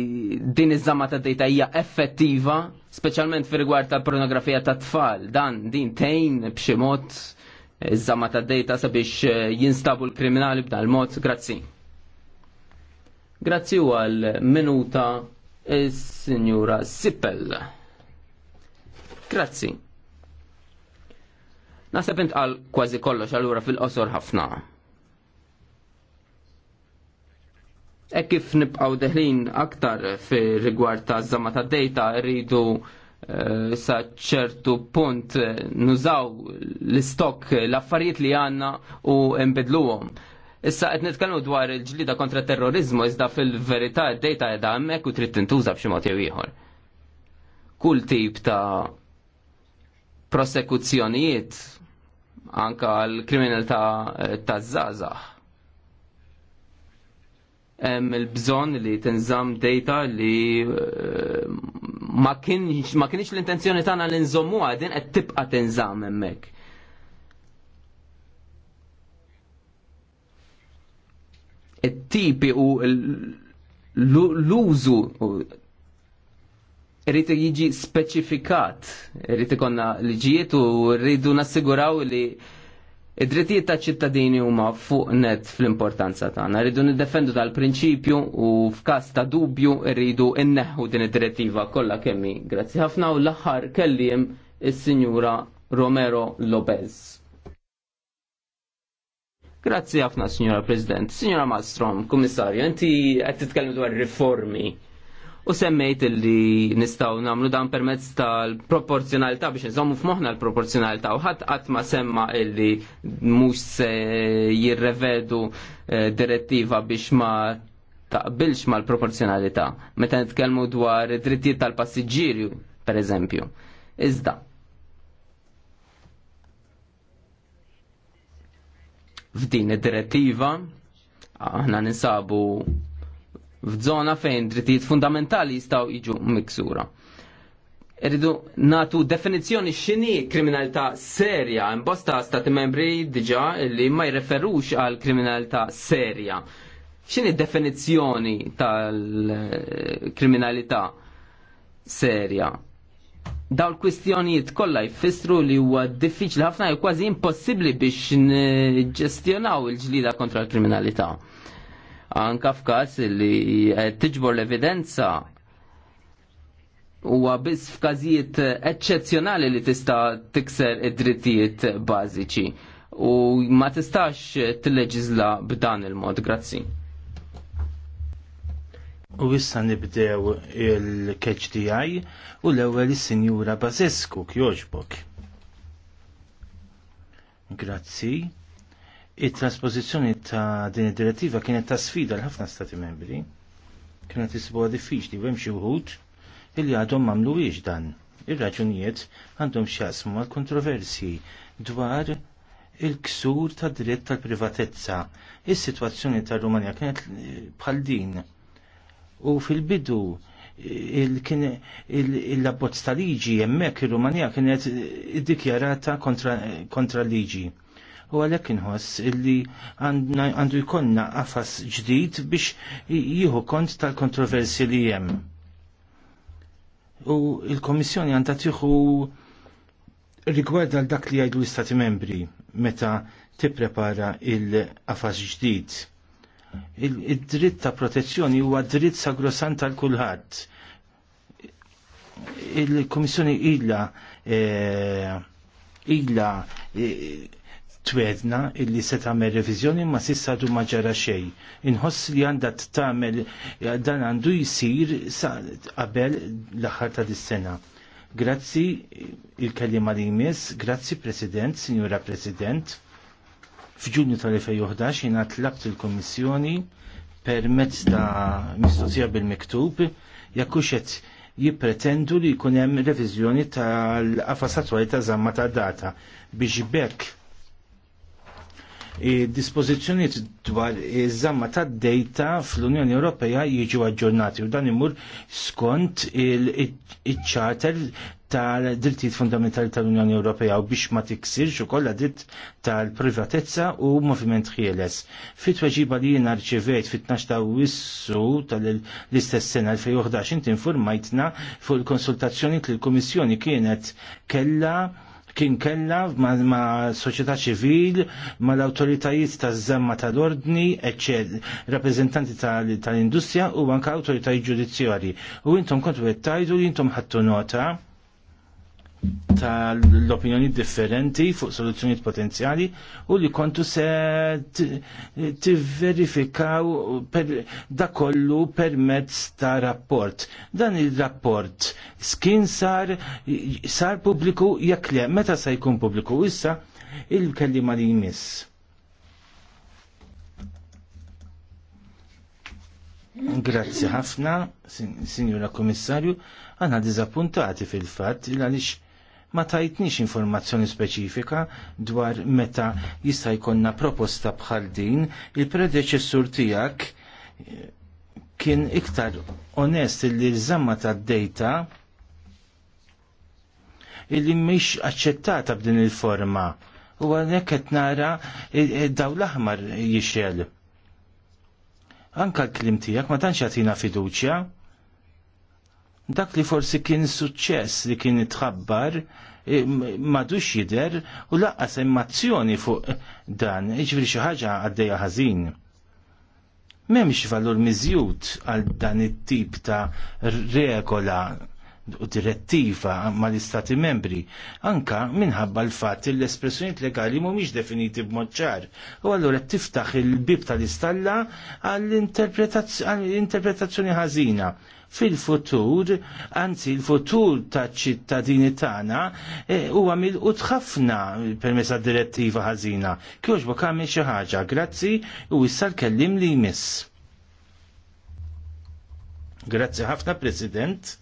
din iż żama ta' dejta hija effettiva, speċjalment fir rigward tal-pornografija ta' tfal. Dan din tejn b'xi mod iż żama ta' dejta sabiex eh, jinstabu l-kriminali b'dan mod grazzi. Grazzi għal minuta is-Sinjura Sippel. Grazzi. Nasab għal kważi kollox allura fil-qosor ħafna E kif nibqaw deħlin aktar fi rigward ta' zama ta' data rridu e, sa ċertu punt nużaw l-istok l-affarijiet li għanna u nbidluhom. Issa qed nitkellmu dwar il-ġlida kontra terrorizmu iżda fil-verità d-data qiegħda hemmhekk u trid tintuża b'xi mod jew ieħor. Kull tip ta' prosekuzzjonijiet anka għal kriminalità e, ta' żgħażagħ il-bżon li tinżamm data li eh, ma kienx l-intenzjoni tagħna li nżommu din qed tibqa' tinżamm hemmhekk. it-tipi u l-użu rrit jiġi speċifikat, rrit ikonna liġijiet u rridu nassiguraw li Id-drittijiet ta' ċittadini huma fuq net fl-importanza tagħna. Rridu niddefendu tal-prinċipju u f'każ ta' dubju rridu inneħħu din id-direttiva kollha kemmi. Grazzi ħafna u l-aħħar kelliem is-Sinjura Romero Lopez. Grazzi ħafna, Sinjura President. Sinjora Malmstrom, Kummissarju, inti qed titkellem dwar riformi u semmejt li nistaw namlu dan permezz tal-proporzjonalità biex nżommu f'moħna l-proporzjonalità u ħadd qatt ma semma illi mhux se jirrevedu eh, direttiva biex ma taqbilx mal-proporzjonalità meta nitkellmu dwar id-drittijiet tal-passiġġieri per eżempju. Iżda. F'din id-direttiva aħna ninsabu f'żona fejn drittijiet fundamentali jistgħu jiġu miksura. Irridu natu definizzjoni x'inhi kriminalità serja imbosta stati membri diġà li ma jreferux għal kriminalità serja. X'inhi definizzjoni tal-kriminalità serja? daw l-kwistjonijiet kollha jfissru li huwa diffiċli ħafna jew kważi impossibbli biex niġġestjonaw il-ġlida kontra l-kriminalità. il-ġlida kontra l-kriminalità anka f'każ li tiġbor l-evidenza huwa biss f'każijiet eċċezzjonali li tista' tikser id-drittijiet bażiċi u ma tistax tilleġizla b'dan il-mod. Grazzi. U issa nibdew il kdi u l-ewwel is-Sinjura Bazescu kjoġbok. Grazzi it-trasposizjoni ta' din id-direttiva kienet ta' sfida l-ħafna stati membri. Kienet isbuha diffiċli u hemm xi wħud illi għadhom m'għamluwiex dan. Ir-raġunijiet għandhom x'jaqsmu għal kontroversji dwar il-ksur ta' dritt tal-privatezza. Is-sitwazzjoni tar-Rumanja kienet eh, bħal din. U fil-bidu il-labbozz ta' liġi jemmek ir-Rumanija kienet iddikjarata kontra eh, liġi u għalhekk inħoss illi għandu jkollna għafas ġdid biex jieħu kont tal-kontroversi li hemm. U il-Komissjoni għandha tieħu rigward l dak li jgħidu l-Istati membri meta tipprepara il għafas ġdid. Id-dritt ta' protezzjoni huwa dritt sagrosant tal kulħadd il-Komissjoni illa eh, illa eh, twedna illi se tagħmel reviżjoni ma sissa du ma ġara xejn. Inħoss li għandha tagħmel dan għandu jsir qabel l-aħħar ta' dis-sena. Grazzi il-kellima li jmiss, grazzi President, Sinjura President. F'Ġunju tal-2011 jiena tlabt il kummissjoni permezz ta' mistoqsija bil-miktub jekk qed jippretendu li jkun hemm reviżjoni tal-qafas attwali ta' żamma ta' data biex bekk dispożizzjonijiet dwar iż-żamma tad-dejta fl-Unjoni Ewropea jiġu aġġornati u dan imur skont il ċarter tal-drittijiet fundamentali tal-Unjoni Ewropea u biex ma tiksirx ukoll dritt tal-privatezza u moviment ħieles. fit weġiba li jiena rċevejt fit-12 ta' wissu tal-istess sena 2011 informajtna fuq il-konsultazzjoni li l-Kummissjoni kienet kella kien kella ma, ma soċjetà ċivil, ma l-autoritajiet ta' zemma tal-ordni, eċċed, rappresentanti tal-industrija u anka autoritajiet ġudizzjari. U intom kontu għettajdu li intom ħattu nota Ta' l opinjoni differenti fuq soluzzjoniet potenzjali u li kontu se t-verifikaw da kollu permezz ta' rapport. Dan il-rapport skin sar, sar publiku jekk le, meta sa' jkun publiku issa il-kellima li jmiss. Grazzi ħafna, Sinjura Komissarju, għana dizappuntati fil-fat il-għalix ma tajtnix informazzjoni speċifika dwar meta jista' jkollna proposta bħal din il-predeċessur tiegħek eh, kien iktar onest li l-żamma tad-dejta illi mhix aċċettata b'din il-forma. U għalhekk qed nara eh, eh, daw l-aħmar jixel. Anka l-klim tiegħek ma tantx jagħtina fiduċja dak li forsi kien suċċess li kien itħabbar eh, madux jider u laqqas emmazzjoni fuq dan, iġviri xi ħaġa għaddejja ħażin. M'hemmx valur miżjud għal dan it-tip ta' regola u direttiva ma' l-istati membri, anka minħabba l-fatt li l-espressjoniet legali mhumiex definiti b'mod ċar. U allura tiftaħ il-bib tal-istalla għall-interpretazzjoni ħażina fil-futur, anzi l-futur ta' ċittadini tagħna eh, huwa milqut ħafna permezz direttiva ħażina. Kjox bok għamil xi ħaġa, grazzi u issa l-kellim li jmiss. Grazzi ħafna President.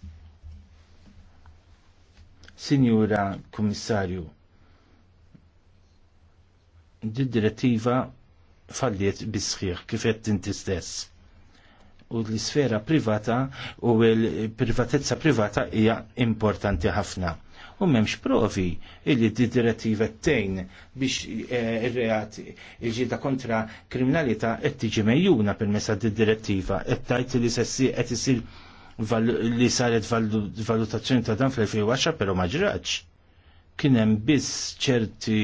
Sinjura Kummissarju, di direttiva falliet bisħiħ kif qed inti stess u l-sfera privata u l-privatezza privata hija importanti ħafna. U memx provi illi di direttiva tejn biex eh, il reat il-ġida kontra kriminalità qed tiġi mejjuna permezz di direttiva et tajt li sessi qed isir li saret valutazzjoni ta' dan fl-2010 però ma ġraġ. Kien hemm biss ċerti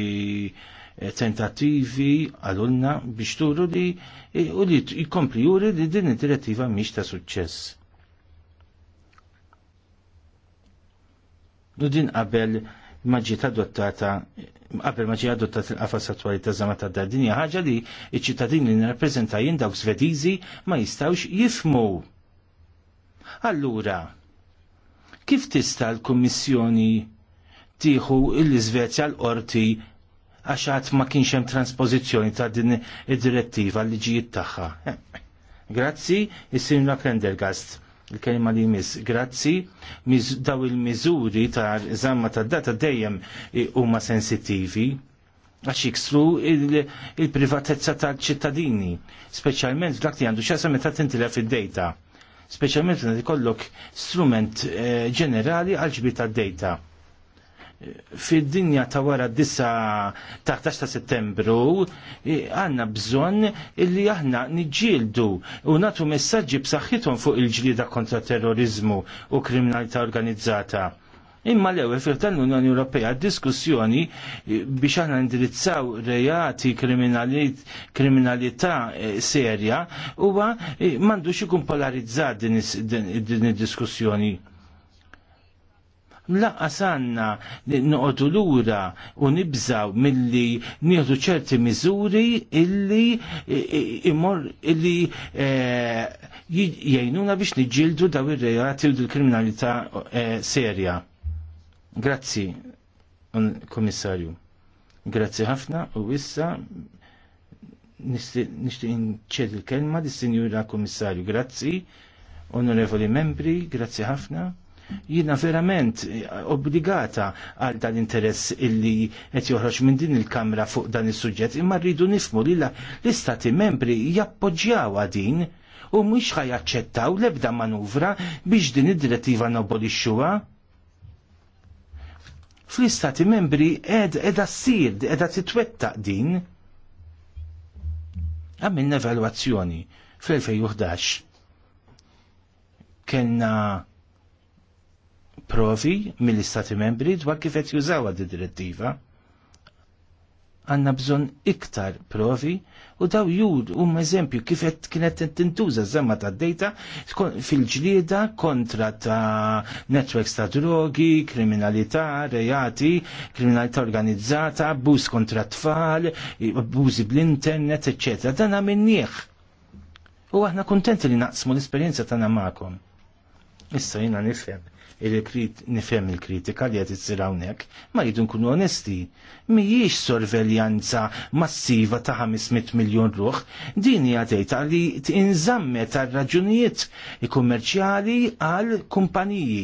Eh, tentativi għalunna biex turu li eh, u li jkompli juri li din id-direttiva miex ta' suċċess. U din qabel maġiet adottata qabel ma ġie adottat il-qafas attwali ta' zamata ta' dinja ħaġa li iċ-ċittadini li nirrappreżentajin dawk Svediżi ma jistgħux jifmu. Allura, kif tista' l-Kummissjoni tieħu l-Iżvezja l-qorti għax għad ma kienx hemm transpożizzjoni ta' din id-direttiva li ġijiet tagħha. [LAUGHS] Grazzi, is-Sinjura Prendergast il-kelma li jmiss. Grazzi, daw il-miżuri ta' zamma ta' data dejjem huma sensittivi għax jikslu il-privatezza il tal-ċittadini, speċjalment f'dak li għandu xasam meta tintila fid-dejta, speċjalment li ikollok strument eh, ġenerali għal ġbita tad-dejta fid-dinja ta' wara d-disa ta' 11 ta' settembru għanna bżon illi aħna niġġieldu u natu messaġġi b'saħħithom fuq il-ġlida kontra terrorizmu u kriminalità organizzata. Imma l-ewwel fil tal-Unjoni Ewropea diskussjoni biex aħna indirizzaw reati kriminalità eh, serja huwa eh, m'għandux ikun polarizzat din id-diskussjoni. Laqqa sanna noqodu lura u nibżaw milli nieħdu ċerti miżuri illi imor illi e, jgħinuna biex niġġieldu daw ir-rejati u l-kriminalità e, serja. Grazzi, komissarju. Grazzi ħafna u issa nishtiq nċed il-kelma di sinjura Komissarju. Grazzi, onorevoli membri, grazzi ħafna. Jina verament obbligata għal dan interess illi qed joħroġ minn din il-kamra fuq dan is-suġġett imma rridu nifmu li l-istati membri jappoġġjaw din u mhux ħajaċċettaw l-ebda manuvra biex din id-direttiva nobolixxuha fl-istati membri ed edha ssir, edha titwettaq din għamilna evalwazzjoni fl-2011 kellna provi mill-Istati membri dwar kif qed jużaw di direttiva. Għanna bżonn iktar provi u daw jur um eżempju kif qed kienet tintuża żemma ta' data fil-ġlieda kontra ta' netwerks ta' drogi, kriminalità, reati, kriminalità organizzata, abbuż kontra tfal, abbużi bl-internet, eċċetera. Dan għamilnieh. U aħna kontenti li naqsmu l-esperjenza tagħna magħkom. Issa jiena nifhem nifhem il-kritika li qed issir hawnhekk, ma jidun nkunu onesti. Mhijiex sorveljanza massiva ta' 500 miljon ruħ, din hija li li inżamme ta' raġunijiet kummerċjali għal kumpaniji.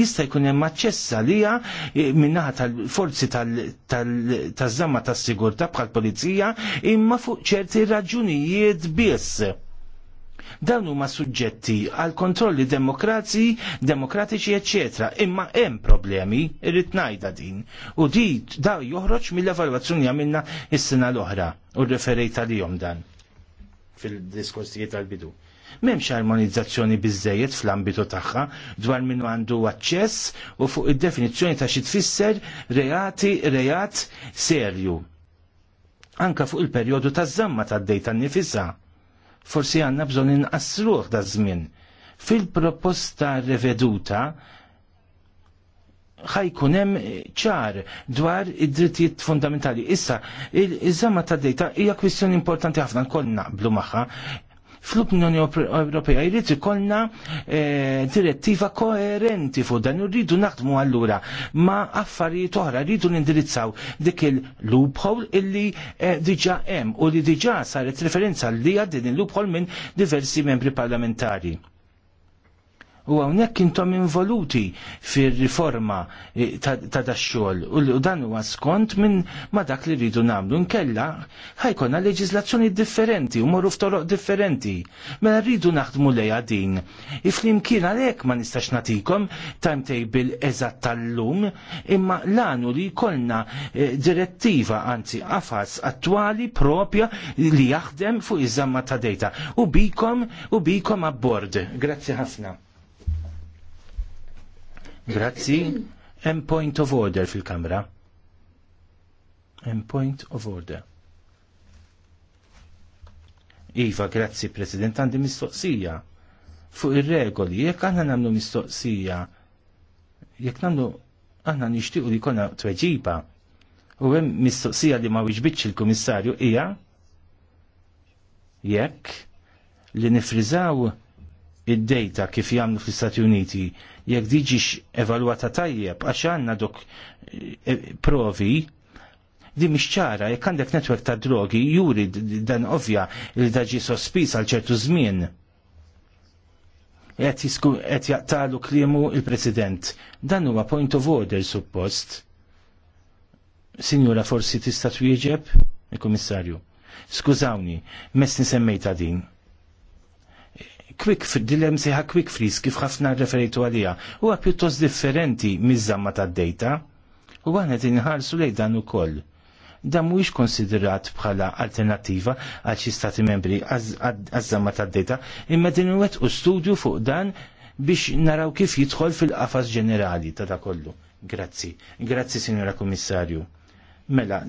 Jista' jkun hemm li għalija e, minnaħa tal-forzi tal żamma tas-sigurtà bħal-pulizija imma fuq ċerti raġunijiet biss Dawn huma suġġetti għal kontrolli demokrazi, demokratiċi, ecc. Imma hemm problemi, irrid ngħidha din. U di da joħroġ mill-evalwazzjoni għamilna is sena l-oħra u referejt għalihom dan fil-diskorsijiet tal-bidu. M'hemmx armonizzazzjoni biżejjed fl-ambitu tagħha dwar minnu għandu aċċess u fuq id-definizzjoni ta' xi tfisser reati reat serju. Anka fuq il-perjodu taż-żamma tad-dejta nifisa forsi għanna bżon inqasruħ da' żmien. Fil-proposta reveduta ħajkun hemm ċar dwar id-drittijiet fundamentali. Issa, iż żama ta' dejta hija kwistjoni importanti ħafna nkoll naqblu magħha fl-Unjoni Ewropea jrid ikollna eh, direttiva koerenti fuq dan irridu naħdmu allura ma affarijiet oħra rridu nindirizzaw dik il-loophole illi eh, diġà hemm u li diġà saret referenza li din il-loophole minn diversi membri parlamentari. U hawnhekk intom involuti fir-riforma eh, ta' dax-xogħol u dan huwa skont minn ma' dak li rridu nagħmlu nkella ħajkonna leġizlazzjoni differenti u morru f'toroq differenti. Mela rridu naħdmu lejja din. Iflimkien għalhekk ma nistax nagħtikom timetable eżatt tal-lum imma lanu li jkollna eh, direttiva anzi għafas attwali propja li jaħdem fuq iż-żamma ta' data u bikom u bikom abbord. Grazzi ħafna. Grazzi. Hemm point of order fil-Kamra. M point of order. Iva, grazzi President, għandi mistoqsija. Fuq ir-regoli, jekk aħna nagħmlu mistoqsija, jekk nagħmlu aħna nixtiequ li jkollna tweġiba. U hemm mistoqsija li ma wiġbitx il-Kummissarju hija jekk li nifriżaw id-dejta kif jagħmlu fl-Istati Uniti jekk diġix evalwata tajjeb għax għandna dok eh, eh, provi di mhix ċara jekk għandek netwerk ta' drogi juri dan ovvja li daġi sospiż għal ċertu żmien. Qed jaqtalu kliemu il-President. Dan huwa point of order suppost. Sinjura forsi tista' twieġeb? Il-Kummissarju. Skużawni, mess nisemmejta din quick dilem seħa quick freeze kif ħafna referejtu għalija. Huwa pjuttost differenti miż-żamma tad-data u għanet inħarsu lejn dan ukoll. Dan mhuwiex konsiderat bħala alternattiva għal xi stati membri għaż-żamma tad-data, imma din wet u studju fuq dan biex naraw kif jidħol fil-qafas ġenerali ta' kollu. Grazzi. Grazzi, Sinjora Kummissarju. Mela,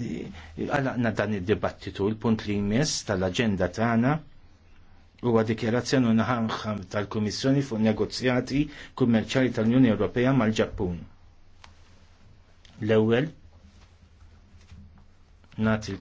għalaqna dan id-dibattitu, il-punt li jmiss tal-agenda tagħna huwa dikjerazzjoni naħamħam tal-Kummissjoni fuq negozjati kummerċjali tal-Unjoni Ewropea mal-Ġappun. L-ewwel nagħti